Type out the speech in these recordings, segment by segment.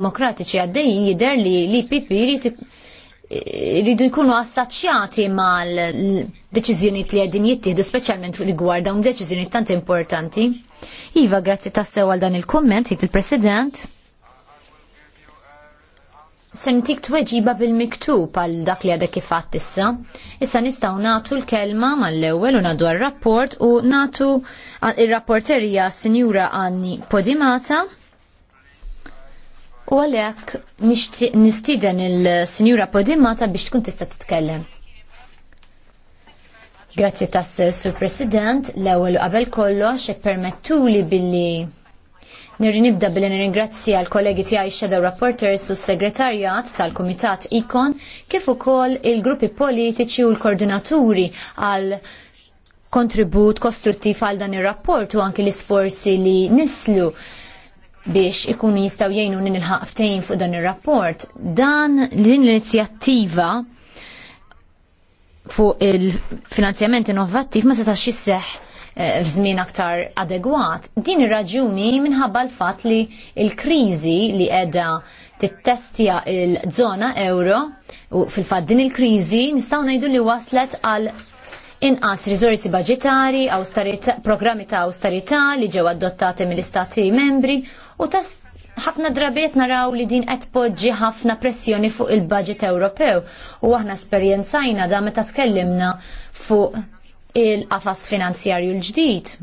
demokratiċi għaddejjin jider li li pipi jridu jkunu assaċjati mal deċiżjonijiet li għedin jittieħdu speċjalment rigward dawn deċiżjoni tant importanti. Iva, grazzi tassew għal dan il-komment, jitt il-President. Sentik tweġiba bil-miktub għal dak li għadek kifatt issa. Issa nistaw natu l-kelma mal-ewel u nadu għal-rapport u natu il-rapporterija Sinjura Anni Podimata U għalek nistiden il-Sinjura Podimata biex tkun tista' titkellem. Grazzi tas Sur President, l-ewwel qabel kollox ippermettuli billi Nirri nibda billi nirringrazzja l-kollegi tiegħi Shadow Reporters u s-segretarjat tal-Kumitat Ikon kif ukoll il-gruppi politiċi u l-koordinaturi għal kontribut kostruttiv għal dan ir-rapport u anki l-isforzi li nislu biex ikunu jistaw jgħinu ninilħaq ftejn fuq dan ir-rapport, dan l-inizjattiva fuq il-finanzjament innovattiv ma setax jisseħ eh, f'żmien aktar adegwat. Din ir-raġuni minħabba l-fatt li l-kriżi li qiegħda tittestja il-żona euro u fil-fatt din il-kriżi nistgħu ngħidu li waslet għal inqas riżorsi baġitari programmi ta' austerità li ġew adottati mill-istati membri u tas ħafna drabiet naraw li din qed poġġi ħafna pressjoni fuq il-budget Ewropew u aħna esperjenzajna da meta tkellimna fuq il-qafas finanzjarju l-ġdid.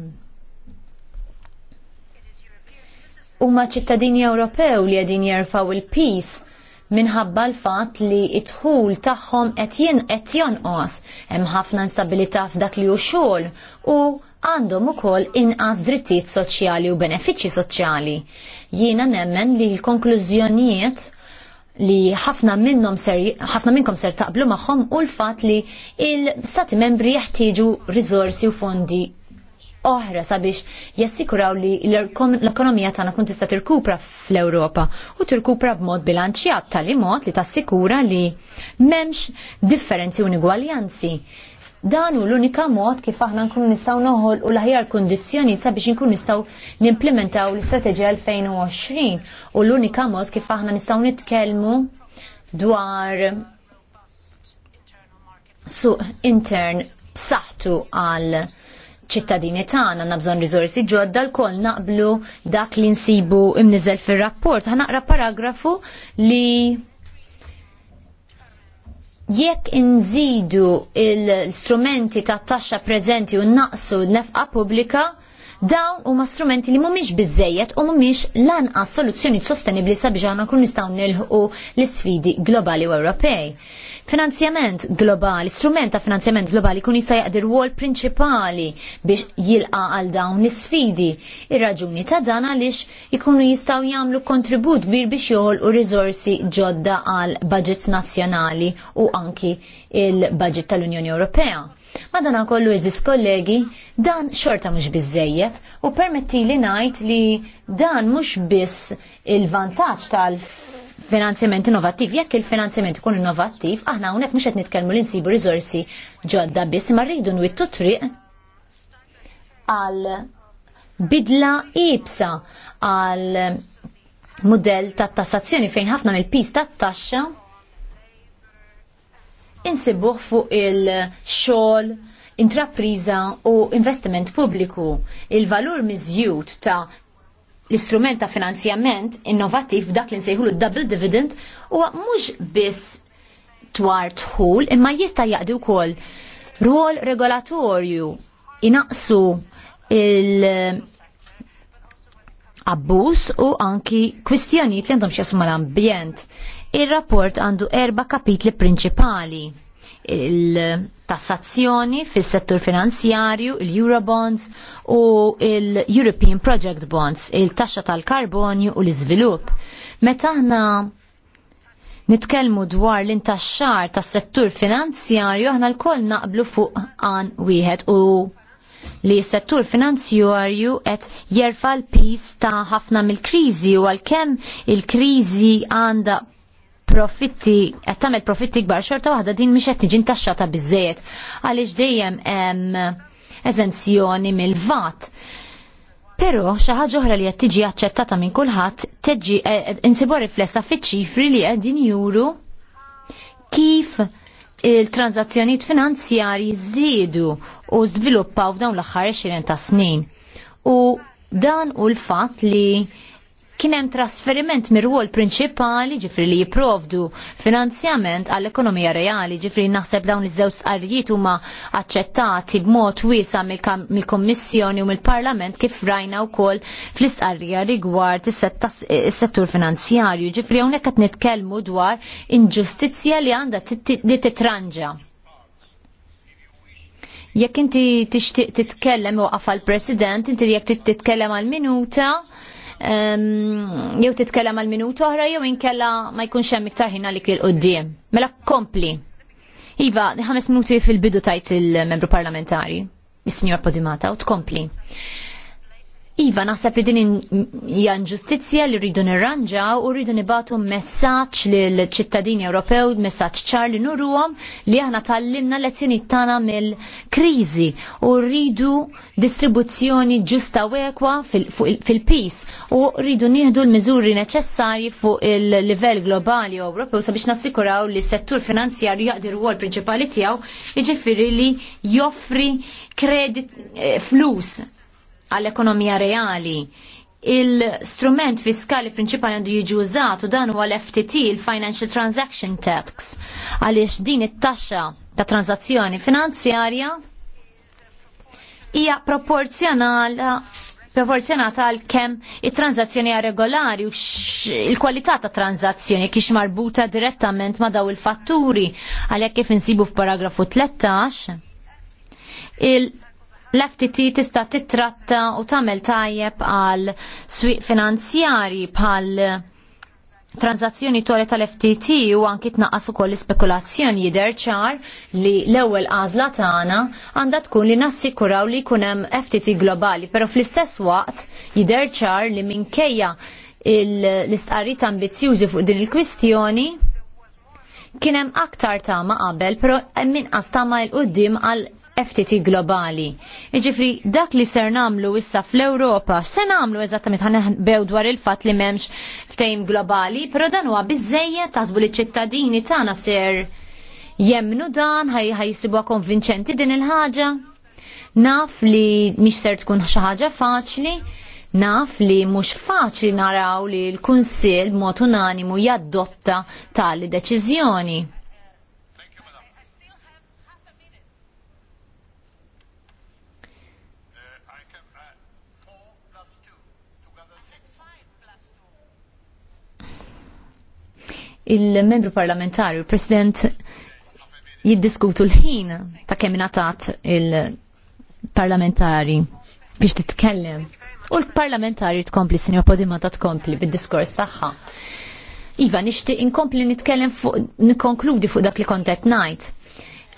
Huma ċittadini Ewropew li qegħdin jerfaw il-peace minħabba l-fatt li itħul dħul tagħhom qed jonqos hemm ħafna instabilità f'dak li hu xogħol u għandhom ukoll inqas drittijiet soċjali u benefiċċji soċjali. Jiena nemmen li l-konklużjonijiet li ħafna minnhom ser ħafna minnkom ser taqblu magħhom u l-fatt li l-stati membri jeħtieġu riżorsi u fondi oħra sabiex jassikuraw li l-ekonomija tagħna kun tista' tirkupra fl-Ewropa u tirkupra b'mod bilanċjat tal mod li tassikura li m'hemmx differenzi u nigwaljanzi. Dan u l-unika mod kif aħna nkunu nistgħu noħol u l-aħjar kundizzjoni sabiex nkunu nistgħu nimplementaw l-istrateġija 2020 u l-unika mod kif aħna nistgħu nitkellmu dwar suq intern b'saħħtu għal ċittadini tagħna nabżon bżonn riżorsi ġodda l naqblu dak li nsibu imniżel fir-rapport. Ħanaqra paragrafu li jekk inżidu l-strumenti ta' taxxa preżenti u naqsu l-nefqa pubblika, Dawn huma strumenti li mhumiex biżejjed u mhumiex lanqas soluzzjoni sostenibbli sabiex għandna kun nistgħu nilħu l-isfidi globali u Ewropej. Finanzjament globali, strument ta' finanzjament globali kun jista' jaqdir wol prinċipali biex jilqa' għal dawn l-isfidi. Ir-raġuni ta' dan għaliex ikunu jistgħu jagħmlu kontribut kbir biex u rizorsi ġodda għal budgets nazzjonali u anki il-budget tal-Unjoni Ewropea. Madana kollu iżis kollegi, dan xorta mhux biżejjed u permetti li ngħid li dan mhux biss il-vantaġġ tal finanzjament innovattiv, jekk il-finanzjament ikun innovattiv, aħna hawnhekk mhux qed nitkellmu li nsibu riżorsi ġodda biss ma rridu nwittu triq għal bidla ibsa għal modell ta' tassazzjoni fejn ħafna mill pista tat taxxa insibuh fuq il-xogħol intrapriża u investiment pubbliku. Il-valur miżjud ta' l-istrument ta' finanzjament innovattiv dak li nsejħu l-double dividend huwa mhux biss dwar tħul imma jista' jaqdi wkoll rwol regolatorju inaqsu il abbus u anki kwistjonijiet li għandhom x'jasmu l-ambjent. Ir-rapport għandu erba kapitli prinċipali il-tassazzjoni fis settur finanzjarju, il-Eurobonds u il-European Project Bonds, il-taxxa tal-karbonju u l-iżvilupp. Meta aħna nitkellmu dwar l-intaxxar tas settur finanzjarju aħna lkoll naqblu fuq għan wieħed u li s-settur finanzjarju qed jerfa l-pis ta' ħafna mill-kriżi u għalkemm il-kriżi għandha profitti, qed tagħmel profitti kbar xorta waħda din mhix qed tiġi ntaxxata biżejjed għaliex dejjem hemm eżenzjoni mill-vat. Però xi ħaġa oħra li qed tiġi aċċettata minn kulħadd teġi eh, eh, insibu riflessa fiċ-ċifri li qegħdin juru kif il-tranzazzjonijiet finanzjarji żdiedu u żviluppaw f'dawn l-aħħar 20 ta' snin. U dan u l-fatt li kien hemm trasferiment mir-rwol prinċipali ġifri li jipprovdu finanzjament għall-ekonomija reali ġifri naħseb dawn iż-żewġ qarijiet huma aċċettati b'mod wiesa mill-Kommissjoni u mill-Parlament kif rajna wkoll fl-istqarrija rigward is-settur finanzjarju ġifri hawnhekk qed nitkellmu dwar inġustizzja li għandha li titranġa. Jekk inti tixtieq titkellem u għafal president, inti jekk titkellem għal minuta, jew titkellem għal minut oħra jew inkella ma jkunx hemm iktar ħin għalik il-qudiem. Mela kompli. Iva, ħames minuti fil-bidu tajt il-membru parlamentari, is-Sinjor Podimata, u tkompli. Iva, naħseb li din hija ġustizzja li rridu nirranġaw u rridu nibatu messaġġ lill ċittadini Ewropew, messaġġ ċar li nurruhom li aħna tallimna lezzjonijiet tagħna mill-kriżi u rridu distribuzzjoni ġusta u ekwa fil-pis u rridu nieħdu l-miżuri neċessarji fuq il-livell globali u Ewropew sabiex nassikuraw li s-settur finanzjarju jaqdi r-wol prinċipali tiegħu jiġifieri li joffri kredit eh, flus għall-ekonomija reali il-strument fiskali prinċipali għandu jiġi użat u dan huwa l-FTT, il-Financial Transaction Tax, għaliex din it-taxxa ta' tranzazzjoni finanzjarja hija proporzjonala proporzjonata għal kemm it-tranzazzjoni regolari u il-kwalità ta' tranzazzjoni kiex marbuta direttament ma' daw il-fatturi għalhekk kif insibu f'paragrafu 13 il l-FTT tista' titratta u tagħmel tajjeb għal swieq finanzjari bħal transazzjoni tore tal-FTT u anki tnaqqas ukoll l-spekulazzjoni jidher ċar li l-ewwel għażla tagħna għandha tkun li nassikuraw li jkun hemm FTT globali, però fl-istess waqt jidher ċar li minkejja l-istqarrit ambizjużi fuq din il-kwistjoni Kien hemm aktar tama qabel, però minqas qastama il qoddim għal FTT globali. Iġifri, dak li ser namlu issa fl-Europa, ser namlu eżattament ħan bew dwar il-fat li memx ftejm globali, pero dan huwa bizzejja tasbu li ċittadini tagħna ser jemnu dan, ħajsibuha konvinċenti din il-ħaġa. Naf li mhix ser tkun xi ħaġa faċli, Naf li mhux faċli naraw li l-Kunsill b'mod unanimu jaddotta tali deċiżjoni. il-membru parlamentari, il-president jiddiskutu l-ħin ta' kemm il-parlamentari biex titkellem u l-parlamentari tkompli Podima, ta tkompli bid-diskors tagħha. Iva, nixtieq inkompli nitkellem fuq nikkonkludi fuq dak li kontet ngħid.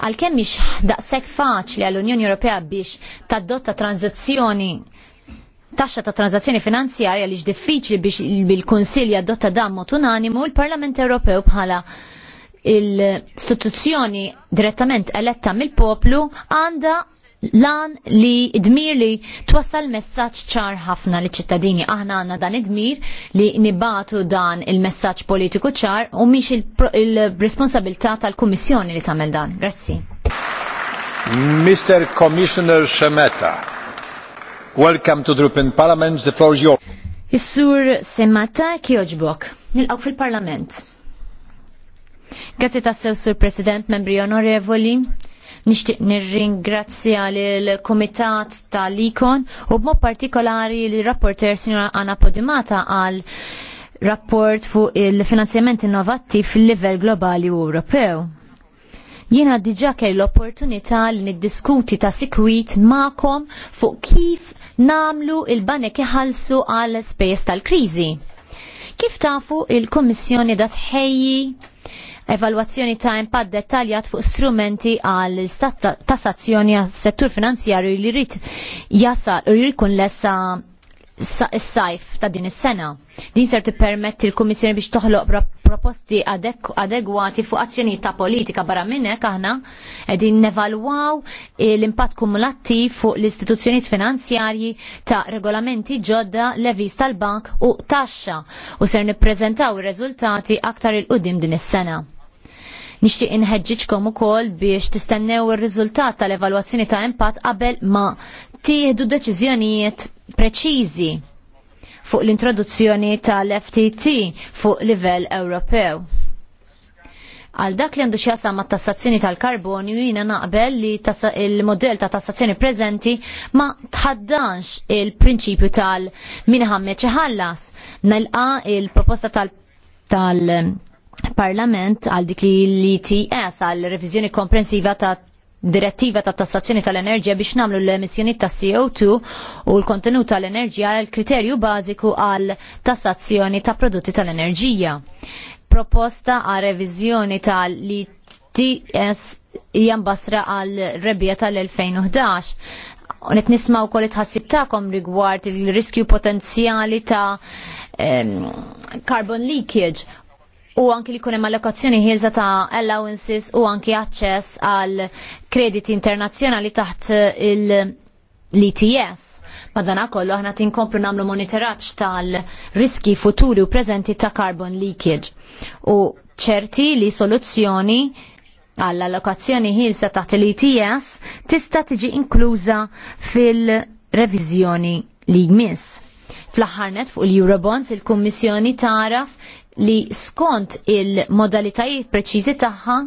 Għalkemm mhix daqshekk faċli għall-Unjoni Ewropea biex tadotta tranzizzjoni taxxa ta' tranzazzjoni finanzjarja li diffiċli biex il-Kunsill jadotta dan mod unanimu l-Parlament Ewropew bħala l istituzzjoni direttament eletta mill-poplu għandha lan li idmir li twassal messaġġ ċar ħafna li ċittadini. Aħna għandna dan id-dmir li nibatu dan il-messaġġ politiku ċar u miex il-responsabilità tal-Kummissjoni li tagħmel dan. Grazzi. Mr. Commissioner Shemeta, welcome to the European Parliament, the floor is yours. Is-sur Semata Kjoġbok, nilqaw fil-Parlament. Grazzi tassel, Sur President, membri onorevoli, Nixtieq nirringrazzja lill kumitat tal-Ikon u b'mod partikolari li rapporter Sinjora Anna Podimata għal rapport fuq il-finanzjament innovattiv fil-livell globali u Ewropew jiena diġa kell l-opportunità li niddiskuti ta' sikwit ma'kom fuq kif namlu il-banek kħalsu għal spejs tal-kriżi. Kif tafu il kummissjoni dat ħejji evalwazzjoni ta' impatt dettaljat fuq strumenti għal tassazzjoni għas settur finanzjarju li rrit jasal u jirkun lessa s-sajf ta' din is-sena. Din ser tippermetti l-Kummissjoni biex toħloq proposti adegwati fuq azzjoni ta' politika barra minne aħna qegħdin nevalwaw l-impatt kumulatti fuq l-istituzzjonijiet finanzjarji ta' regolamenti ġodda levis tal-bank u taxxa u ser nippreżentaw ir rezultati aktar il-qudiem din is-sena. Nixtieq inħeġġiġkom ukoll biex tistennew ir-riżultat tal-evalwazzjoni ta' impatt qabel ma tieħdu deċiżjonijiet preċiżi fuq l-introduzzjoni tal-FTT fuq livell Ewropew. Għal dak li għandu xjasa ma' tassazzjoni tal-karbonju jina naqbel li il-modell ta' tassazzjoni prezenti ma tħaddanx il-prinċipju tal-minħamme ħallas Nalqa il-proposta tal-, -tal Parlament għal dik li TS għal revizjoni komprensiva ta' direttiva ta' tassazzjoni tal-enerġija biex namlu l-emissjoni ta' CO2 u l-kontenut tal-enerġija għal kriterju bażiku għal tassazzjoni ta' prodotti tal-enerġija. Proposta għal revizjoni tal jan basra għal rebija tal-2011 Unet nismaw kol itħassib ta'kom rigward il-riskju potenzjali ta' ehm, carbon leakage u anki li kunem allokazzjoni ħilza ta' allowances u anki access għal krediti internazzjonali taħt l-ETS. Madana kollu aħna tinkomplu namlu monitoraġġ tal-riski futuri u prezenti ta' carbon leakage. U ċerti li soluzzjoni għall allokazzjoni ħilsa taħt l-ETS tista' tiġi inkluża fil-reviżjoni li jmiss. Fl-aħħar net fuq il eurobonds il-Kummissjoni taraf li skont il-modalitajiet preċiżi tagħha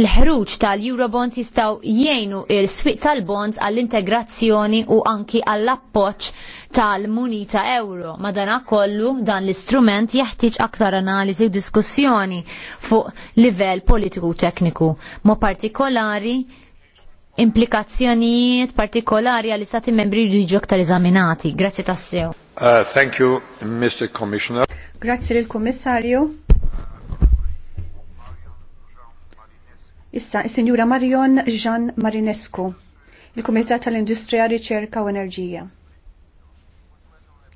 il-ħruġ tal-Eurobonds jistaw jgħinu il-swiq tal-bonds għall-integrazzjoni u anki għall-appoċ tal-munita euro. Madana kollu dan l-istrument jeħtieġ aktar analiżi u diskussjoni fuq livell politiku u tekniku. Mo partikolari implikazzjonijiet partikolari għall istati membri jridu ġoktar aktar eżaminati. Grazzi tassew. Uh, thank you, Mr. Commissioner. Grazzi lill kummissarju Issa, il-Sinjura Marion Jean Marinescu, il-Komitat tal-Industrija, Riċerka u Enerġija. E,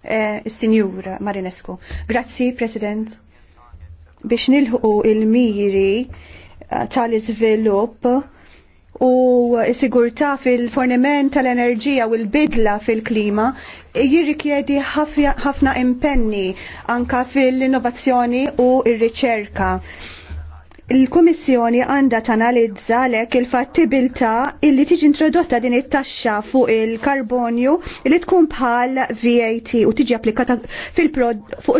eh, il-Sinjura Marinescu. Grazzi, President. Biex nilħu il-miri eh, tal-izvilup u sigurtà fil-forniment tal-enerġija u l-bidla fil-klima jirrikjedi ħafna impenni anka fil-innovazzjoni u r-riċerka. Il-Kummissjoni għandha tanalizza lek il-fattibilità illi tiġi introdotta din it-taxxa fuq il-karbonju li tkun bħal VAT u tiġi applikata fuq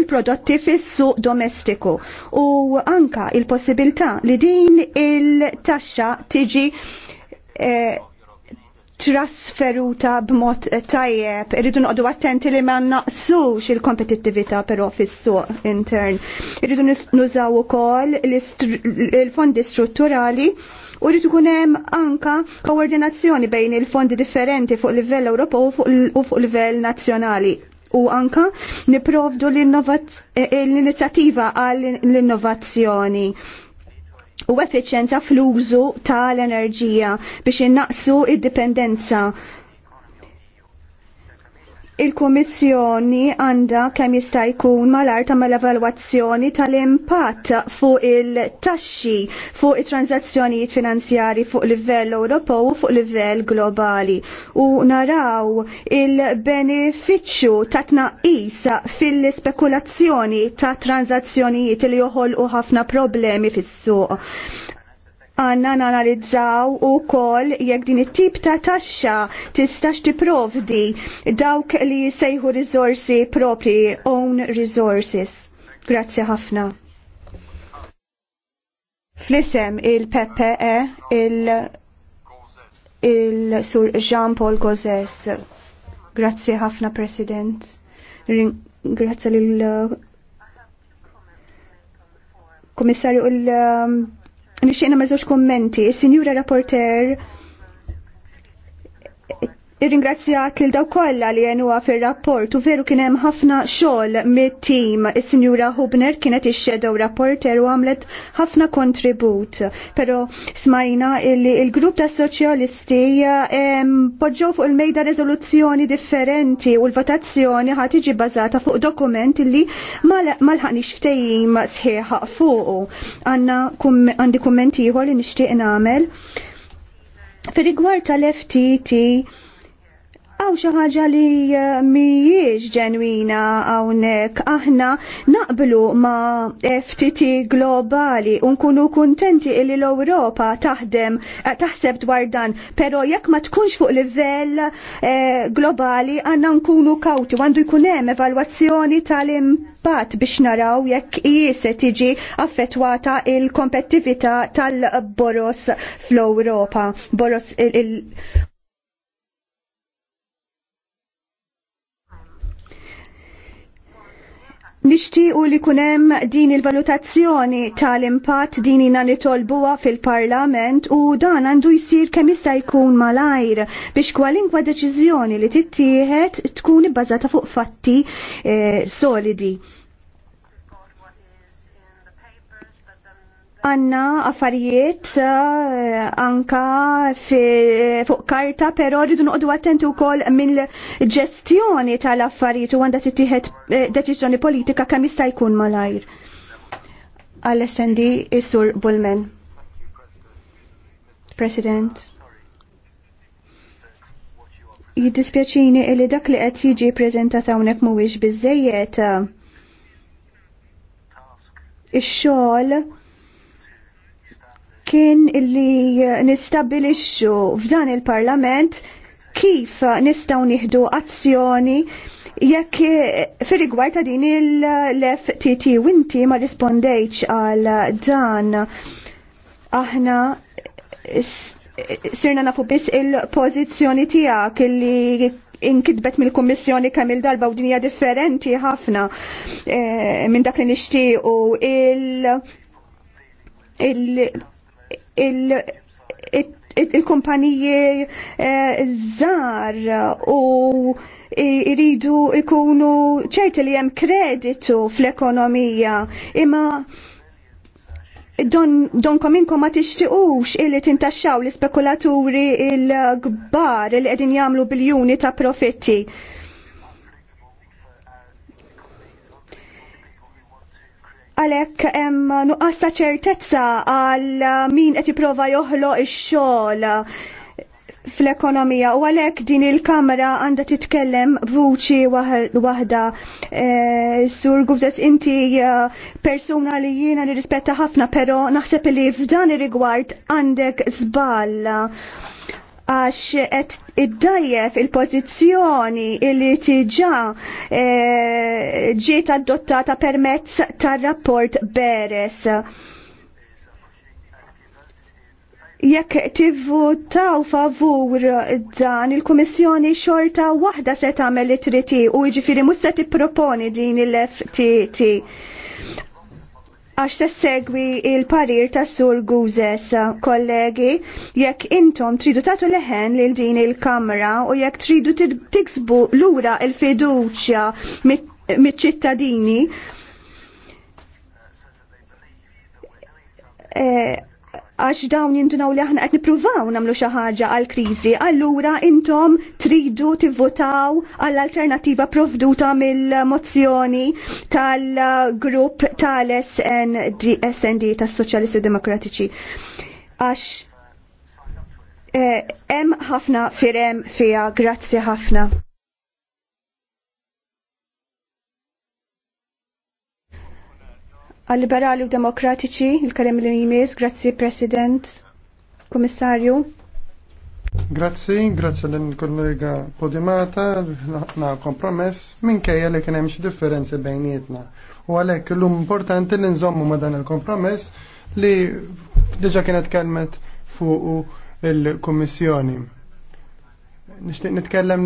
il-prodotti fis-suq domestiku. U anka il-possibilità li din il-taxxa tiġi E, trasferuta b'mod tajjeb, irridu noqdu attenti li ma naqsux il-kompetittività però fis-suq intern. Irridu nużaw ukoll il-fondi strutturali u rridu kun hemm anka koordinazzjoni bejn il-fondi differenti fuq livell Ewropew u fuq livell nazzjonali u anka niprovdu l-inizjattiva għall innovazzjoni u effiċjenza fl-użu tal-enerġija biex innaqsu id-dipendenza Il-Kummissjoni għandha kemm jista' jkun malar tagħmel evalwazzjoni tal-impatt fuq il-taxxi fuq it-transazzjonijiet finanzjari fuq livell Ewropew u fuq livell globali u naraw il-benefiċċju ta' tnaqqis fil-spekulazzjoni ta' transazzjonijiet li joħolqu ħafna problemi fis-suq għanna nanalizzaw u kol jekk din it-tip ta' taxxa tistax tipprovdi dawk li sejħu rizorsi propri own resources. Grazzi ħafna. Flisem il-PPE il-sur il Jean Paul Gozes. Grazzi ħafna President. Grazzi lill um, Komissarju il- um, Nixxejna ma' kommenti, il Is-Sinjura Rapporter Irringrazzjak lil daw kollha li jenuha fir-rapport u veru kien hemm ħafna xogħol mit-tim. Is-Sinjura Hubner kienet ix-shadow rapporter u għamlet ħafna kontribut. Però smajna li l-grupp tas soċjalisti poġġew fuq il-mejda riżoluzzjoni differenti u l-votazzjoni ħad bazata fuq dokument li ma lħaqniex ftehim fuq. fuqu. Għanna għandi kumment li nixtieq nagħmel. Fir-rigward tal-FTT għaw xaħġa li eh, mijiex ġenwina għawnek aħna naqblu ma FTT globali unkunu kontenti illi l-Europa taħdem eh, taħseb dwar dan pero jekk ma tkunx fuq livell eh, globali għanna nkunu kawti għandu jkun hemm evalwazzjoni tal-impatt biex naraw jekk jise tiġi affettwata il-kompettività tal-boros fl-Europa boros il Nixtiequ li kunem din il-valutazzjoni tal-impatt din jina nitolbuha fil-Parlament u dan għandu jsir kemm jista' jkun malajr biex kwalinkwa deċiżjoni li tittieħed tkun ibbażata fuq fatti eh, solidi. għanna affarijiet eh, anka fuq karta, pero rridu noqdu attenti wkoll minn ġestjoni tal-affarijiet u għandha tittieħed eh, deċiżjoni politika kemm jista' jkun malajr. Alessendi Isur Bullman. President. Jiddispjaċini li dak li qed jiġi ppreżentat hawnhekk mhuwiex biżejjed eh, ix-xogħol kien li nistabilixxu f'dan il-Parlament kif nistgħu nieħdu azzjoni jekk fir rigward ta' din il-FTT u inti ma rispondejtx għal dan aħna sirna nafu biss il-pożizzjoni tiegħek li inkitbet mill-Kummissjoni kemm il-darba u dinja differenti ħafna eh, minn dak li nixtiequ il- il il-kumpaniji eh, żar u iridu ikunu ċerti li hemm kreditu fl-ekonomija imma don, donkom ma tixtiqux illi tintaxxaw l-spekulaturi il-gbar li qegħdin jagħmlu biljuni ta' profitti. għalek hemm nuqqas ta' ċertezza għal min qed jipprova joħloq ix-xogħol fl-ekonomija u għalhekk din il-kamra għandha titkellem vuċi waħda. Eh, Sur Gubżes inti eh, persuna li jiena nirrispetta ħafna, però naħseb li f'dan ir-rigward għandek żball għax qed iddajjef il-pożizzjoni li tiġa e, ġiet adottata permezz tar-rapport Beres jekk tivvutaw favur dan il-Kummissjoni xorta waħda se tagħmel it triti u jiġifieri mhux se tipproponi din il-FTT għax se segwi il-parir ta' sur Guzes, kollegi, jekk intom tridu tatu leħen lil din il-kamra u jekk tridu tiksbu lura il-fiduċja mit-ċittadini, mit eh, għax dawn jintunaw li aħna qed nippruvaw nagħmlu xi ħaġa għal kriżi, allura intom tridu tivvotaw għall alternattiva provduta mill-mozzjoni tal-grupp tal-SND SND tas soċjalisti Demokratiċi. Għax eh, hemm ħafna firem fija, grazzi ħafna. għal-liberali u demokratiċi, il kalem li jimis, grazzi President, Komissarju. Grazzi, grazzi l-kollega Podimata, na kompromess, minkejja li kien hemm xi differenzi bejnietna. U għalhekk l importanti li nżommu ma dan il-kompromess li diġa kienet kelmet fuq il-Kummissjoni nixtieq nitkellem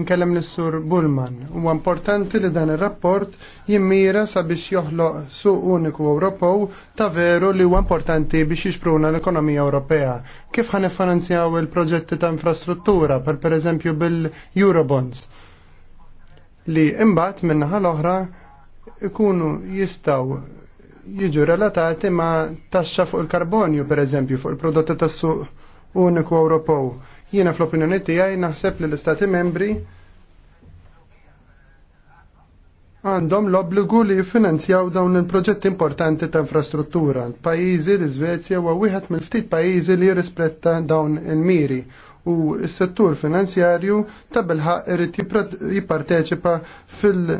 nkellem lis-sur Bullman. Huwa importanti li dan ir-rapport jimmira sabiex joħloq suq uniku Ewropew ta' veru li huwa importanti biex jixpruna l-ekonomija Ewropea. Kif ħan iffinanzjaw il-proġetti ta' infrastruttura per pereżempju bil-Eurobonds li imbagħad min-naħa l-oħra ikunu jistaw jiġu relatati ma taxxa fuq il-karbonju, per eżempju, fuq il-prodotti tas-suq uniku Ewropew. Jiena fl-opinjoni tiegħi naħseb li l-Istati membri għandhom l-obbligu li jiffinanzjaw dawn il-proġetti importanti ta' infrastruttura. Pajjiżi l iżvezja huwa wieħed mill-ftit pajjiżi li jirrispetta dawn il-miri u s-settur finanzjarju ta' ħaq irid jipparteċipa fil-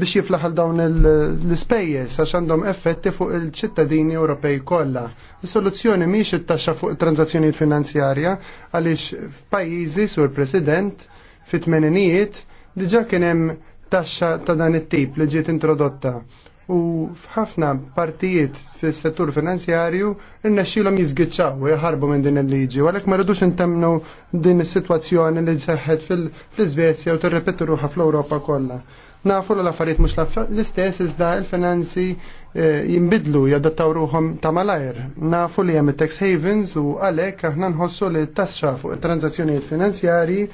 biex jiflaħal dawn l-ispejjeż għax għandhom effetti fuq il-ċittadini Ewropej kollha. Is-soluzzjoni mhix it-taxxa fuq transazzjonijiet finanzjarja għaliex f'pajjiżi sur President fit-tmeninijiet diġà kien hemm taxxa ta' dan it-tip li ġiet introdotta u f'ħafna partijiet fis-settur finanzjarju irnexxilhom jiżgiċċaw u jħarbu minn din il-liġi, u għalhekk ma rridux intemmnu din is-sitwazzjoni li seħħet fl-Iżvezja u tirrepetu ruħha fl-Ewropa kollha. Nafu l affarijiet mhux l-istess iżda l-finanzi eh, jinbidlu jadattaw ruhom ta' malajr. Nafu li hemm tax havens u għalhekk aħna nħossu li t-taxxa fuq it-transazzjonijiet finanzjarji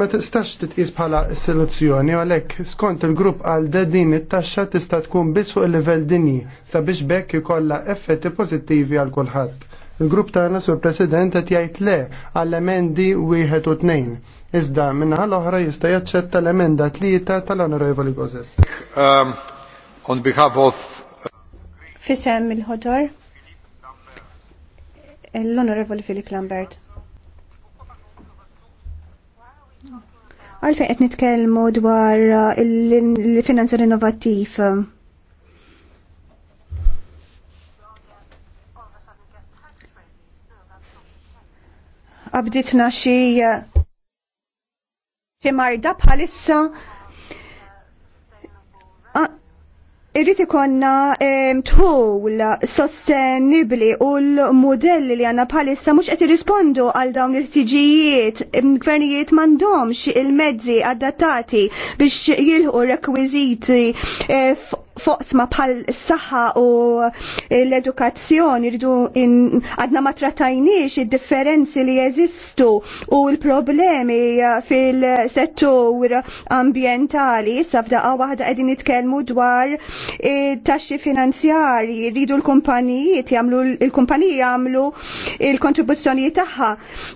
ma tistax titqis bħala soluzzjoni u għalhekk skont il-grupp għal din it-taxxa tista' tkun biss fuq il-livell dinji sabiex bekk jkollha effetti pożittivi għal kulħadd. Il-grupp tagħna sur President qed jgħid le għall emendi wieħed u tnejn Iżda minna ħal oħra jista' jaċċetta l-emenda tlieta tal-Onorevoli Gozes. Um, on behalf of Fisem il-ħodor l-Onorevoli Filip Lambert. Għalfejn qed nitkellmu dwar uh, il-finanzjar innovattiv. Abditna xi uh, imarda bħalissa irrit ikonna tħol sostenibli u l-modelli li għanna bħalissa mux għet rispondu għal dawn il-tiġijiet, gvernijiet mandomx il-mezzi adattati biex jilħu rekwiziti eh, foqsma bħal s-saħħa u l-edukazzjoni rridu għadna ma trattajniex id-differenzi li jeżistu u l-problemi eh, fil-settur ambientali. safda għaw waħda qegħdin nitkellmu dwar eh, taxxi finanzjari, rridu l-kumpanijiet jamlu l-kumpaniji jamlu il-kontribuzzjoni tagħha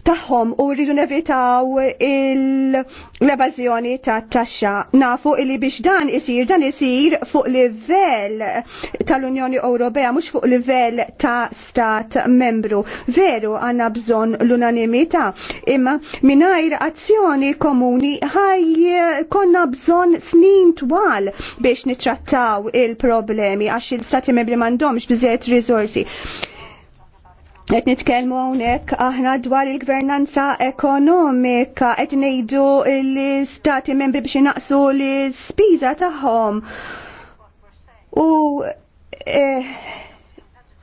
tagħhom u rridu nevitaw l-evażjoni tat-taxxa. Nafu li biex dan isir dan isir fuq li livell tal-Unjoni Ewropea, mhux fuq livell ta' stat membru. Veru għandna bżonn l-unanimità, imma mingħajr azzjoni komuni ħaj konna bżonn snin twal biex nitrattaw il-problemi għax il-stati membri m'għandhomx biżejjed riżorsi. Et nitkelmu hawnhekk aħna dwar il-gvernanza ekonomika qed ngħidu l-istati membri biex inaqsu l ispiża tagħhom u eh,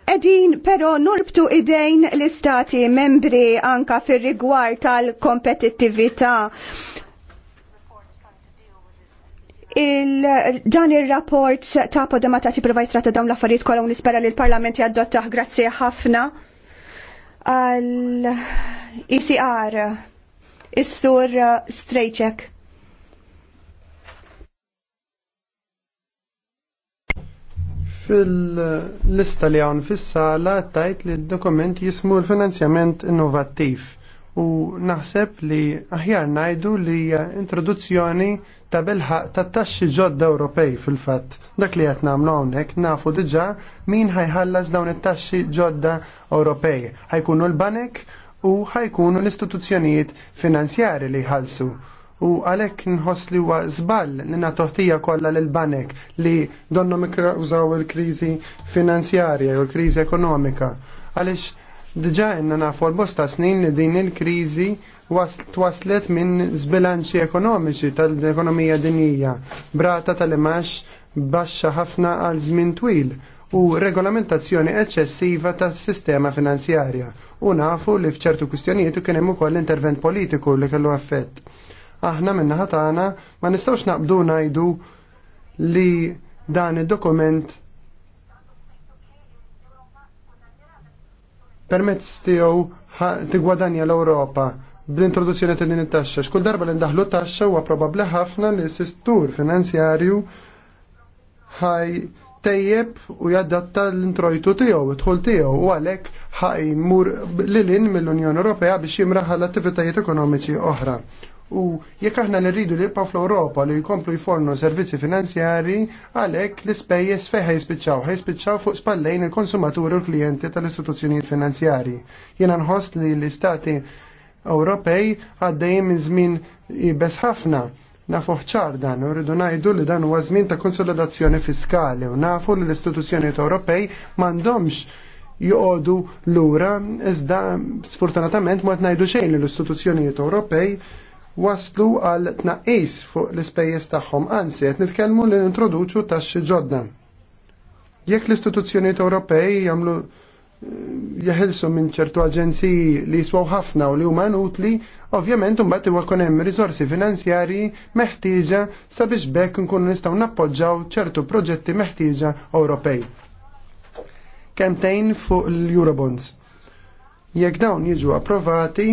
Edin, pero nurbtu idejn l-istati membri anka fir rigward tal-kompetittività. Il, dan il-rapport ta' podemata ti provajt tratta dawn l-affarijiet kollha u nispera li l-Parlament jaddottaħ grazzi ħafna għal ICR, e is-sur Strejċek. Fil-lista li għan fis-sala tajt li d-dokument jismu l-finanzjament innovattiv u naħseb li aħjar najdu li introduzzjoni ta' bilħaq ta' taxxi ġodda Ewropej fil-fatt. Dak li qed nagħmlu hawnhekk nafu diġà min ħajħallas dawn it-taxxi ġodda Ewropej. Ħajkunu l-banek u ħajkunu l-istituzzjonijiet finanzjari li jħallsu u għalhekk nħoss li huwa żball li toħtija kollha lil banek li donhom ikkrawżaw il-kriżi finanzjarja u l-kriżi ekonomika. Għaliex diġà inna nafu l-bosta snin li din il-kriżi twaslet minn zbilanċi ekonomiċi tal-ekonomija dinija, brata tal-imax baxxa ħafna għal żmien twil u regolamentazzjoni eċċessiva tas-sistema finanzjarja u nafu li f'ċertu kustjonijiet kien hemm ukoll intervent politiku li kellu affett aħna minna ħatana ma nistawx naqbdu najdu li dan il-dokument permezz tiegħu tigwadanja l-Ewropa bl-introduzzjoni ta' din it-taxxa. Xkull darba li ndaħlu taxxa huwa probabbli ħafna li s-sistur finanzjarju ħaj tejjeb u jadatta l-introjtu tiegħu, id-dħul tiegħu u għalhekk ħaj mur lilin mill-Unjoni Ewropea biex jimraħ l-attivitajiet ekonomiċi oħra. U jekk aħna nirridu li jibqa' fl-Ewropa li jkomplu jfornu servizzi finanzjari, għalhekk l-ispejjeż fejn ħejspiċċaw, ħajspiċċaw fuq spallejn il-konsumaturi u l-klijenti tal-istituzzjonijiet finanzjari. Jiena nħoss li l-istati Ewropej għaddejjin minn żmien ibes ħafna. Nafu ħċar dan, u rridu ngħidu li dan huwa żmien ta' konsolidazzjoni fiskali u nafu li l-istituzzjonijiet Ewropej m'għandhomx joqodu lura iżda sfortunatament ma qed ngħidu xejn l-istituzzjonijiet Ewropej waslu għal tnaqqis fuq l-ispejjeż tagħhom anzi qed nitkellmu li nintroduċu taxxi ġodda. Jekk l-istituzzjonijiet Ewropej jagħmlu eh, jeħilsu minn ċertu aġenziji li jiswaw ħafna u li huma utli, ovvjament imbagħad huwa jkun hemm riżorsi finanzjarji meħtieġa sabiex bekk nkunu nistgħu nappoġġaw ċertu proġetti meħtieġa Ewropej. Kemtejn fuq l-Eurobonds. Jekk dawn jiġu approvati,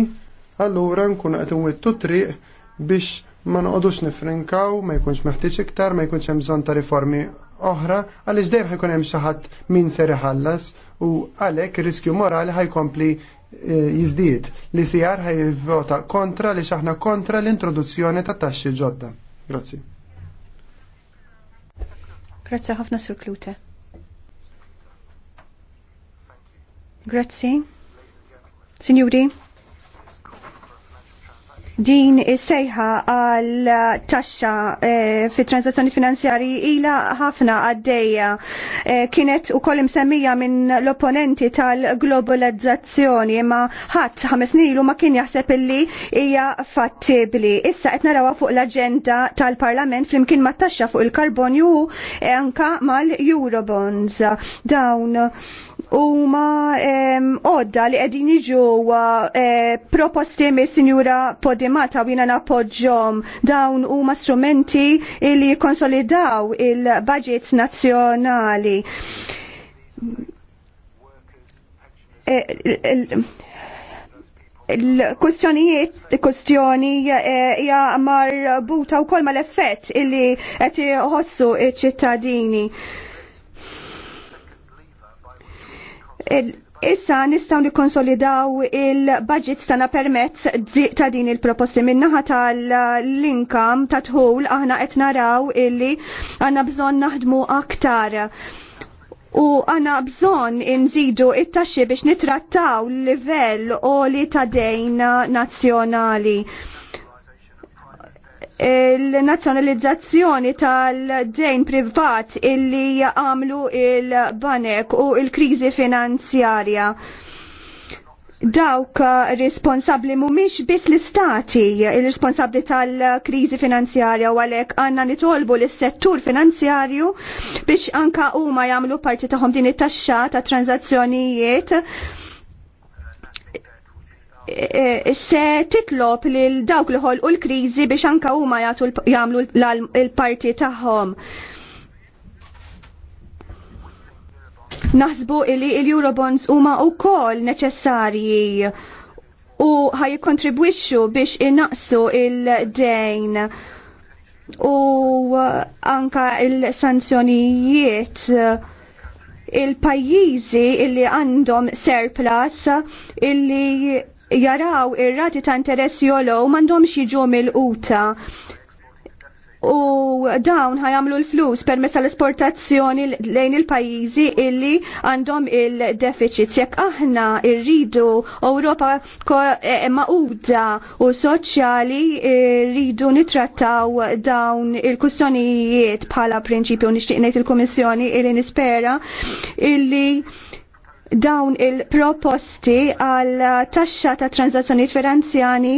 allura nkun qed nwittu triq biex ma noqogħdux nifrinkaw, ma jkunx meħtieġ iktar, ma jkunx hemm bżonn ta' riformi oħra, għaliex dejjem ħajkun hemm xi ħadd min ser iħallas u għalhekk ir-riskju morali ħajkompli eh, jizdiet li sijar ħajvota kontra li xaħna kontra l-introduzzjoni ta' taxxi ġodda. Grazzi. Grazzi ħafna sur Klute. Grazzi. Signori din is-sejħa għal taxxa eh, fi transazzjoni finanzjari ila ħafna għaddejja eh, kienet ukoll imsemmija minn l-opponenti tal-globalizzazzjoni imma ħadd ħames nilu ma kien jaħseb illi hija fattibbli. Issa qed narawha fuq l-aġenda tal-Parlament flimkien mat-taxxa fuq il-karbonju anka mal-Eurobonds. Dawn huma għodda li qegħdin jiġu eh, proposti mis sinjura Podimata u jiena napoġġhom dawn huma strumenti li konsolidaw il-budget nazzjonali. Eh, il-kustjonijiet, kustjoni eh, hija marbuta wkoll mal-effett illi qed iħossu il ċittadini Il Issa nistaw konsolidaw il-budget stana permezz ta' din il-proposti minnaħa tal-inkam ta' tħul aħna qed naraw illi għandna bżonn naħdmu aktar. U għanna bżon inżidu it-taxxi biex nitrattaw l-livell li ta' dejn nazzjonali il-nazzjonalizzazzjoni tal-dejn privat illi għamlu il-banek u il-krizi finanzjarja. Dawk responsabli mumiex biss l-istati il-responsabli tal-krizi finanzjarja u għalek għanna nitolbu l-settur finanzjarju biex anka huma jagħmlu parti taħom din it-taxxa ta' tranzazzjonijiet E, e, se titlob lil dawk li ħolqu l-kriżi biex anka huma jagħmlu l-parti tagħhom. Naħsbu li l-Eurobonds huma wkoll neċessarji u ħaj kontribwixxu biex innaqsu il-dejn u anka il-sanzjonijiet il-pajjiżi illi għandhom surplus illi jaraw ir-rati ta' interessi jolow m'għandhomx jiġu mill-quta u dawn ħajamlu l-flus permessa l-esportazzjoni lejn il-pajizi illi għandhom il-deficit. Jekk aħna irridu Ewropa e- e- maquda u soċjali e, rridu nitrattaw dawn il-kustjonijiet bħala prinċipju nixtieq ngħid il-Kummissjoni illi nispera illi dawn il-proposti għal taxxa ta' tranzazzjoni finanzjani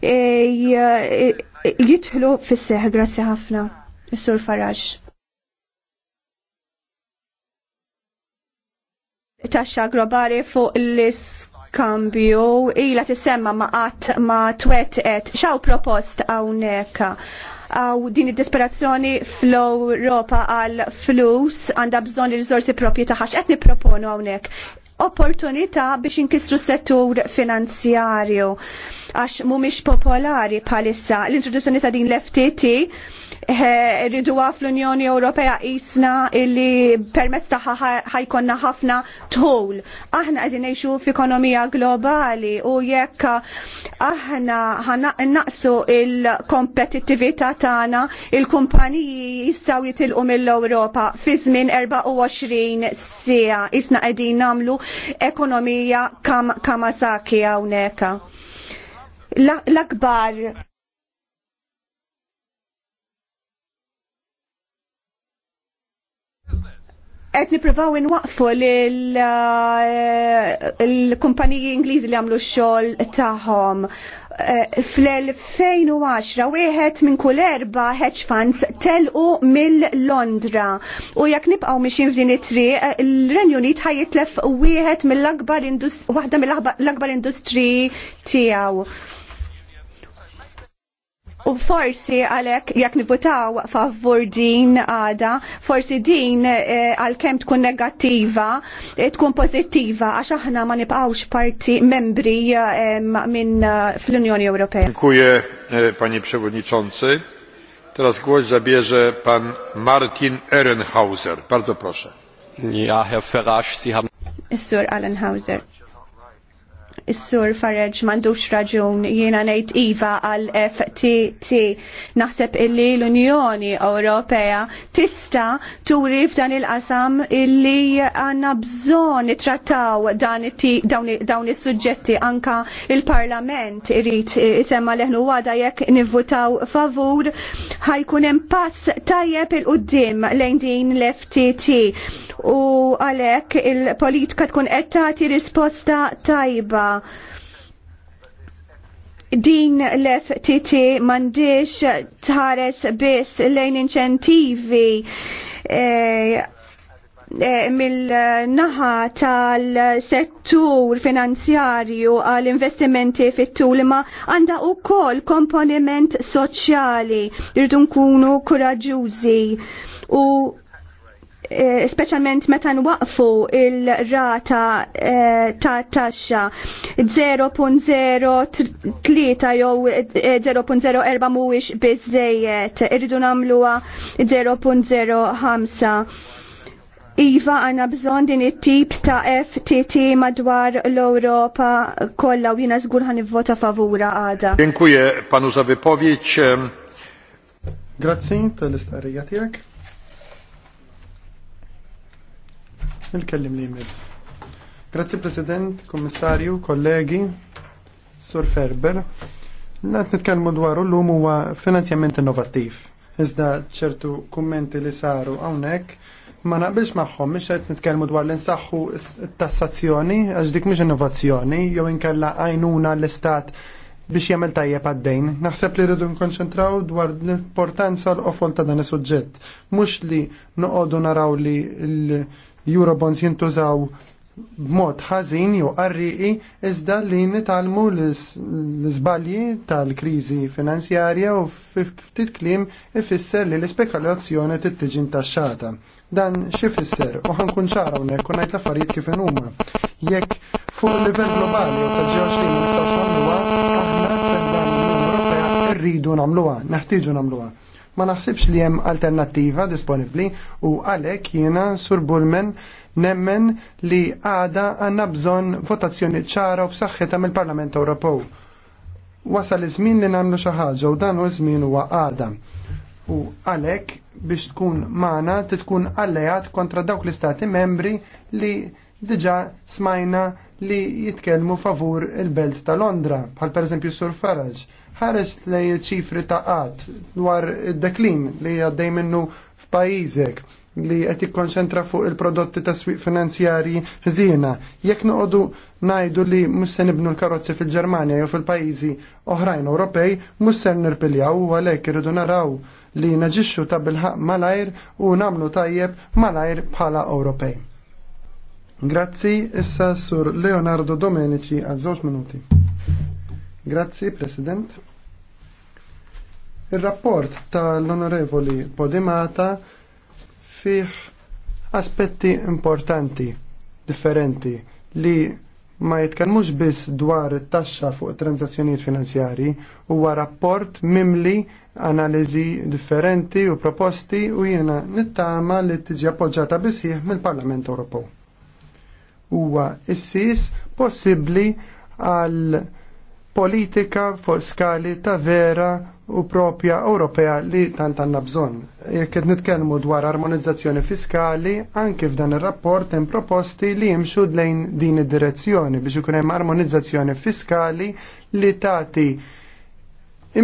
eh, eh, jitħlu fis-seħ. Grazzi ħafna, Sur Faraġ. Taxxa globali fuq l iskambju ilha ila tisemma ma qatt ma twetqet xaw propost hawnhekk għaw din id-disperazzjoni fl-Europa għal flus għandha bżonn ir rizorsi propri taħax qed nipproponu hawnhekk opportunità biex inkisru settur finanzjarju għax mhumiex popolari bħalissa l-introduzzjoni ta' din l-FTT Eh, riduwa fl-Unjoni Ewropea isna illi permezz ta' ħajkonna ħafna tħol. Aħna qegħdin ngħixu f'ekonomija globali u jekk aħna naqsu il-kompetittività tagħna, il-kumpaniji jistgħu jitilqu mill-Ewropa fi żmien 24 sija isna qegħdin nagħmlu ekonomija kam kamasaki hawnhekk l-akbar qed nippruvaw inwaqfu eh, l-kumpaniji Ingliżi li għamlu x-xogħol tagħhom. Eh, fl-2010 wieħed minn kull erba' hedge funds telqu mill-Londra u jekk nibqgħu mixin f'din it-triq, eh, il-Renju Unit ħajitlef wieħed mill-akbar waħda mill-akbar industriji tiegħu. U forsi għalek jekk nivutaw favur din għada, forsi din eh, għal-kem tkun negattiva, eh, tkun pozittiva, għax aħna ma nibqawx parti membri eh, minn fl-Unjoni Ewropea. Dziękuję, panie przewodniczący. Teraz głos zabierze pan Martin Ehrenhauser. Bardzo proszę. Ja, Herr Ferrasch, Sie haben... Sir Allenhauser. Is-sur Farage m'għandux raġun jiena ngħid iva għal FTT. Naħseb illi l-Unjoni Ewropea tista' turi f'dan il-qasam illi għandna bżonn trattaw dawn is-suġġetti anka il-Parlament irid isemma leħnu għada jekk nivvutaw favur ħajkun hemm pass tajjeb il-qudiem lejn din l-FTT u għalhekk il-politika tkun qed tagħti risposta tajba din l-FTT mandiċ tħares biss lejn inċentivi eh, eh, mill-naħa tal-settur finanzjarju għal-investimenti fit-tul ma għanda u kol komponiment soċjali rridu nkunu kuraġużi u Eh, specialment meta nwaqfu il-rata eh, ta' taxxa 0.03 jew 0.04 eh, mhuwiex biżejjed, irridu nagħmluha 0.05. Iva għanna bżon din it-tip ta' FTT madwar l-Europa kollha u jiena żgur ħan vota favura għada. Dinkuje, panu Zabipovic. Grazie, tal-istarija tiegħek. il-kellim li jmiss. Grazzi President, Kommissarju, kollegi, Sur Ferber. Nat nitkellmu dwar l-lum huwa finanzjament innovattiv. Iżda ċertu kummenti li saru hawnhekk ma naqbilx magħhom mhix qed nitkellmu dwar li nsaħħu tassazzjoni għax dik mhux innovazzjoni jew inkella għajnuna l-istat biex jagħmel tajjeb għaddejn. Naħseb li rridu nkonċentraw dwar l-importanza l-qofol ta' dan is-suġġett. Mhux li noqogħdu naraw li l Eurobonds jintużaw b'mod ħażin jew qarriqi iżda li nitalmu l-żbalji tal-kriżi finanzjarja u ftit kliem ifisser li l-ispekulazzjoni tittiġi ntaxxata. Dan xi fisser u ħankun ċara hawnhekk u ngħid l-affarijiet kif huma. Jekk fuq livell globali u tal-ġewx li nistgħu nagħmluha, aħna fil-dan l-Ewropea rridu nagħmluha, neħtieġu nagħmluha. Ma naħsibx li hemm alternattiva disponibbli u għalhekk jiena Sur Bulmen nemmen li għada għandna bżonn votazzjoni ċara u b'saħħitha mill-Parlament Ewropew. Wasal iż-żmien li nagħmlu xi ħaġa u dan hu żmien huwa għada. U għalhekk biex tkun magħna tkun alleat kontra dawk l-istati membri li diġa smajna li jitkellmu favur il-belt ta' Londra, bħal per esempio Sur Farage ħares lej ċifri ta' għad dwar id-deklin li għaddej minnu f'pajjiżek li qed ikkonċentra fuq il-prodotti ta' swieq finanzjarji ħżiena. Jekk noqogħdu ngħidu li mhux se nibnu l-karozzi fil-Ġermanja jew fil-pajjiżi oħrajn Ewropej, mhux se nirpiljaw u għalhekk irridu naraw li naġixxu ta' bilħaq malajr u nagħmlu tajjeb malajr bħala Ewropej. Grazzi issa sur Leonardo Domenici għal żewġ minuti. Grazzi, President. Il-rapport tal-Onorevoli Podimata fih aspetti importanti, differenti, li ma jitkellmux biss dwar it-taxxa fuq transazzjonijiet finanzjarji huwa rapport mimli analiżi differenti u proposti u jiena nittama li tiġi appoġġata bisħieħ mill-Parlament Ewropew. Huwa issis possibbli għal politika fuq skali ta' vera u propja Ewropea li tant għandna bżonn. Jekk qed nitkellmu dwar armonizzazzjoni fiskali, anke f'dan ir-rapport hemm proposti li jimxu lejn din id-direzzjoni biex ikun hemm armonizzazzjoni fiskali li tagħti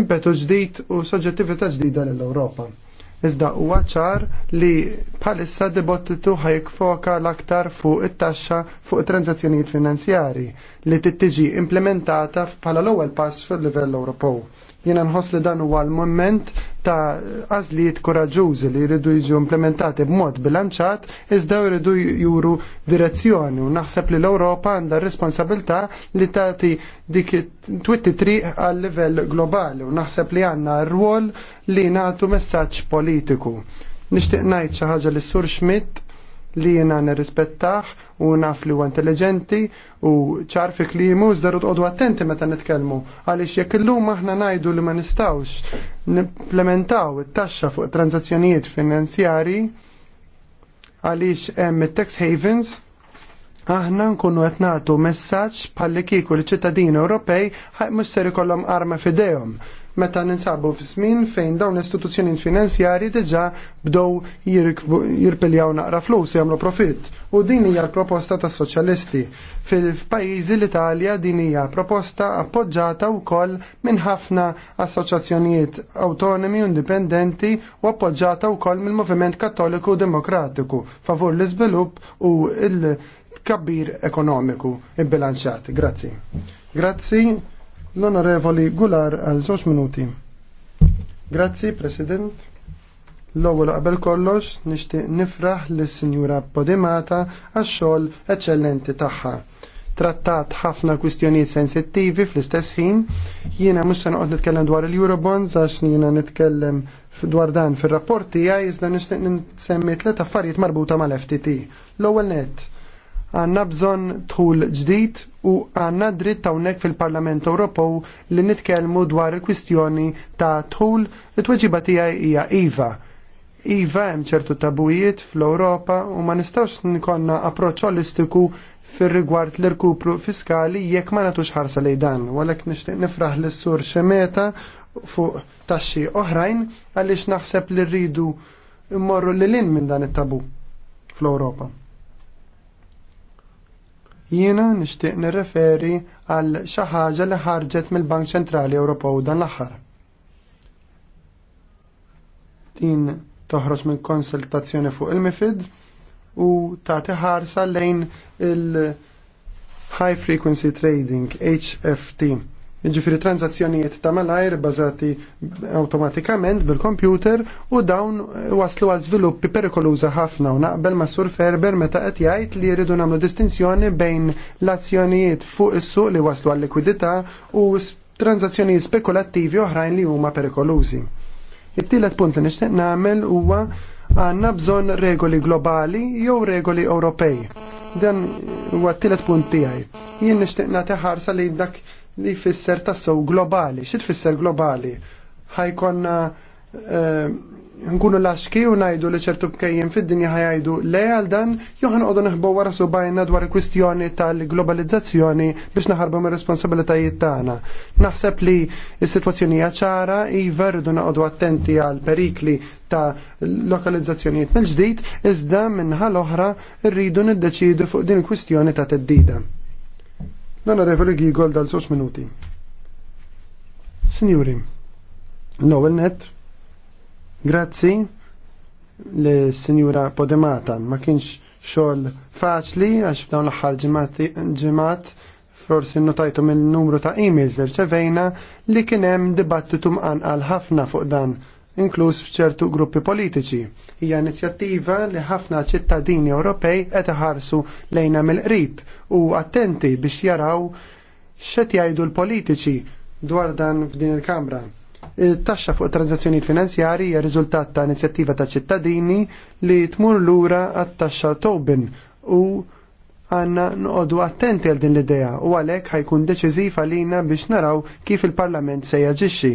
impetu ġdid u soġġettività ġdida lill-Ewropa. Iżda huwa ċar li bħalissa dibottitu ħajkfoka l-aktar fuq it-taxxa fuq it-transazzjonijiet finanzjarji li tittiġi implementata bħala l-ewwel pass fil-livell Ewropew. Jiena nħoss li dan huwa l-moment ta' għażlijiet koraġużi li jridu jiġu implementati b'mod bilanċat iżda jridu juru direzzjoni u naħseb li l-Ewropa għandha responsabilità li tagħti dik twitti triq għal livell globali u naħseb li għandna rwol li nagħtu messaġġ politiku. Nixtieq ngħid xi ħaġa li sur Schmidt li jiena nirrispettaħ u naf li huwa intelligenti u ċar fi klimu iżdaru tqodu attenti meta nitkellmu għaliex jekk illum aħna ngħidu li ma nistgħux nimplementaw it-taxxa fuq transazzjonijiet finanzjarji għaliex hemm it-tax havens aħna nkunu qed nagħtu messaġġ bħalli kieku li ċittadini Ewropej mhux ser ikollhom arma f'idejhom meta ninsabu f'żmien fejn dawn l-istituzzjoni finanzjarji diġà bdew jirpiljaw naqra flus jagħmlu profitt. U din hija l-proposta tas soċjalisti. Fil-pajjiżi l-Italja din hija proposta appoġġata wkoll minn ħafna assoċjazzjonijiet autonomi u indipendenti u appoġġata wkoll mill-Moviment Kattoliku Demokratiku favur l-iżvilupp u l-kabbir ekonomiku ibbilanċat. Grazzi. Grazzi. L-Onorevoli Gular għal żewġ minuti. Grazzi, President. L-ewwel qabel kollox nixtieq nifraħ lis-Sinjura Podimata għax-xogħol eċċellenti tagħha. Trattat ħafna kwistjonijiet sensittivi fl-istess ħin, jiena mhux se noqgħod nitkellem dwar il-Eurobonds għax jiena nitkellem dwar dan fir-rapport tiegħi iżda nixtieq nsemmi tliet affarijiet marbuta mal-FTT. L-ewwel nett għanna bżon tħul ġdid u għanna dritt hawnhekk fil-Parlament Ewropew li nitkellmu dwar il-kwistjoni ta' tħul it-tweġiba tiegħi hija iva. Iva hemm ċertu tabujiet fl-Ewropa u ma nistgħux nkollna approċċ olistiku fir-rigward l-irkupru fiskali jekk ma nagħtux ħarsa lejn dan, għalhekk nixtieq nifraħ lis sur xemeta fuq taxxi oħrajn għaliex naħseb li rridu mmorru lil minn dan it-tabu fl-Ewropa. Jiena nixtieq nirreferi għal xi ħaġa li ħarġet mill-Bank Ċentrali Ewropew dan l-aħħar. Din toħroġ mill konsultazzjoni fuq il-MIFID u tagħti ħarsa lejn il-High Frequency Trading HFT Ġifiri tranzazzjonijiet ta' malajr bazati automatikament bil-kompjuter u dawn waslu għal żviluppi perikoluża ħafna u naqbel ma' Sur Ferber meta qed jgħid li jridu nagħmlu distinzjoni bejn l-azzjonijiet fuq is-suq li waslu għal likwidità u tranzazzjonijiet spekulattivi oħrajn li huma perikolużi. It-tielet punt li nixtieq nagħmel huwa għandna bżonn regoli globali jew regoli Ewropej. Dan huwa t-tielet punt tiegħi. Jien nixtieq nagħti ħarsa li dak li fisser tassew globali. Xi tfisser globali? Ħajkonna eh, nkunu laxki u najdu li ċertu bkejjen fid-dinja ħajajdu le għal dan joħan għodu nħbbu wara subajna dwar il-kwistjoni tal-globalizzazzjoni biex naħarbu mir responsabilitajiet tagħna. Naħseb li s-sitwazzjoni hija ċara iva rridu naqogħdu attenti għal perikli ta' lokalizzazzjonijiet mill-ġdid iżda l oħra rridu niddeċidu fuq din il-kwistjoni ta' teddida. L-Onorevoli Gigol dal żewġ minuti. Signori, l-ewwel net, grazzi li sinjura Podemata ma kienx xogħol faċli għax f'dawn l ħar ġimgħat forsi notajtu minn numru ta' emails li rċevejna li kien hemm dibattitu għal ħafna fuq dan inkluż f'ċertu gruppi politiċi. Hija inizjattiva li ħafna ċittadini Ewropej qed iħarsu lejna mill-qrib u attenti biex jaraw x'qed jgħidu l-politiċi dwar dan f'din il-Kamra. Taxxa fuq transazzjonijiet finanzjari hija riżultat ta' inizjattiva ta' ċittadini li tmur lura għat-taxxa Tobin u għanna noqodu attenti għal din l-idea u għalhekk ħajkun deċiżiv għalina biex naraw kif il-Parlament se jaġixxi.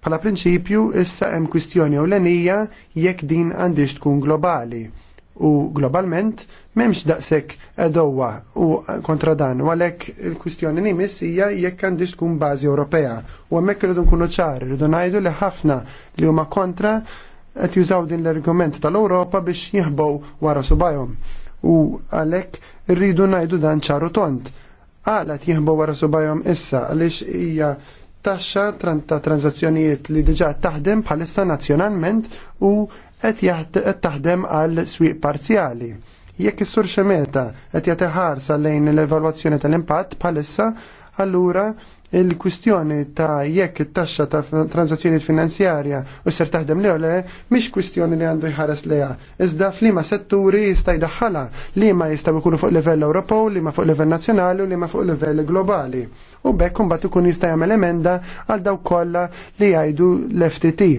Pala prinċipju, issa hemm kwistjoni ewlenija jekk din għandix tkun globali. U globalment m'hemmx daqshekk edowa u kontra dan, u għalhekk il-kwistjoni nimis hija jekk għandix tkun bażi Ewropea. U hemmhekk irridu nkunu ċar irridu ngħidu li ħafna li huma kontra qed jużaw din l-argument tal-Ewropa biex jihbow wara subajhom. U għalhekk rridu ngħidu dan ċaru tont. Għalat jihbow wara subajhom issa għaliex hija taxxa ta' tranzazzjonijiet li diġà taħdem bħalissa nazzjonalment u qed taħdem għal swieq parzjali. Jekk is-sur xemeta qed jagħti ħarsa lejn l-evalwazzjoni tal-impatt bħalissa allura il-kwistjoni ta' jekk it-taxxa ta' transazzjoni finanzjarja u ser taħdem le le mhix kwistjoni li għandu jħares leha. Iżda f'liema setturi jista' jdaħħalha li ma jistgħu jkunu fuq livell Ewropew, li ma fuq livell nazzjonali u li ma fuq livell globali. U bekk imbagħad ikun jista' jagħmel emenda għal dawk kollha li jgħidu l-FTT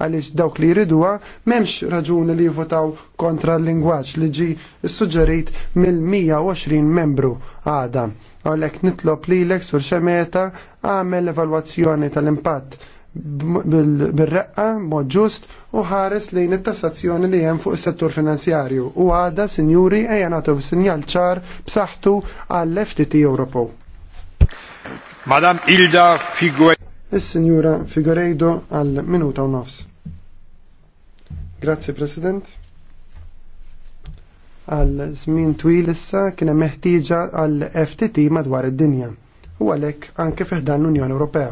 għaliex dawk li jriduha m'hemmx raġuni li jvotaw kontra l-lingwaġġ li ġi suġġerit mill-120 membru għada. Għalek nitlob li l sur xemeta għamel evalwazzjoni tal-impatt bil-reqqa, mod ġust, u ħares lejn it-tassazzjoni li hemm fuq is-settur finanzjarju. U għada, sinjuri, ejja nagħtu sinjal ċar b'saħħtu għall-FTT Ewropew. Madam Ilda Figwe. Is-Sinjura Figurejdo għal minuta u nofs. Grazie President għal żmien twil issa kien hemm meħtieġa għal FTT madwar id-dinja u għalhekk anke fiħdan l-Unjoni Ewropea.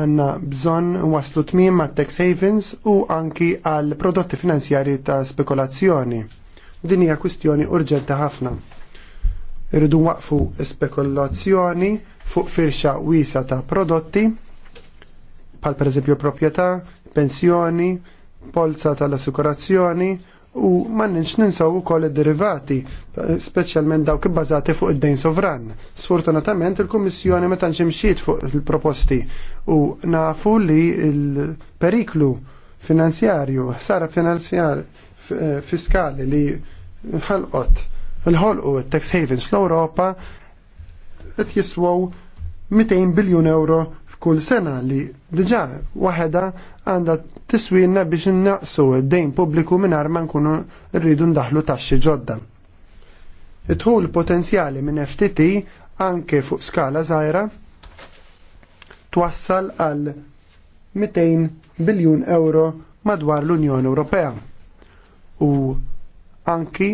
Għanna bżonn waslu tmiem ma' tax havens u anki għal prodotti finanzjarji ta' spekulazzjoni. Din hija kwistjoni urġenti ħafna. Irridu waqfu spekulazzjoni fuq firxa wiesa ta' prodotti pal per eżempju proprjetà, pensjoni, polza tal-assikurazzjoni u mannix ninsaw ukoll id-derivati, speċjalment dawk ibbażati fuq id-dejn sovran. Sfortunatament il-Kummissjoni meta ximxiet fuq il-proposti u nafu li il-periklu finanzjarju, ħsara finanzjar eh, fiskali li ħalqot il-ħolqu tax havens fl-Europa qed jiswaw 200 biljun euro f'kull sena li diġà waħda għandha tiswina biex innaqsu id dejn pubbliku mingħajr ma nkunu rridu ndaħlu taxxi ġodda. Idħul potenzjali minn FTT anke fuq skala żgħira twassal għal 200 biljun euro madwar l-Unjoni Ewropea. U anki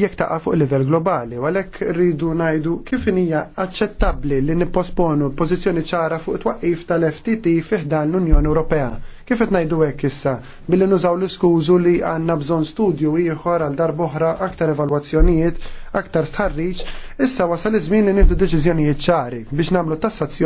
jekk taqa' fuq livell globali, għalhekk rridu ngħidu kif hija aċċettabbli li nipposponu pożizzjoni ċara fuq it twaqqif tal-FTT fiħdan l-Unjoni Ewropea Kif qed ngħidu hekk issa billi nużaw l-iskużu li għandna bżonn studju ieħor għal darb'oħra aktar evalwazzjonijiet, aktar stħarriġ, issa wasal iż-żmien li nieħdu deċiżjonijiet ċari biex nagħmlu tassazzjoni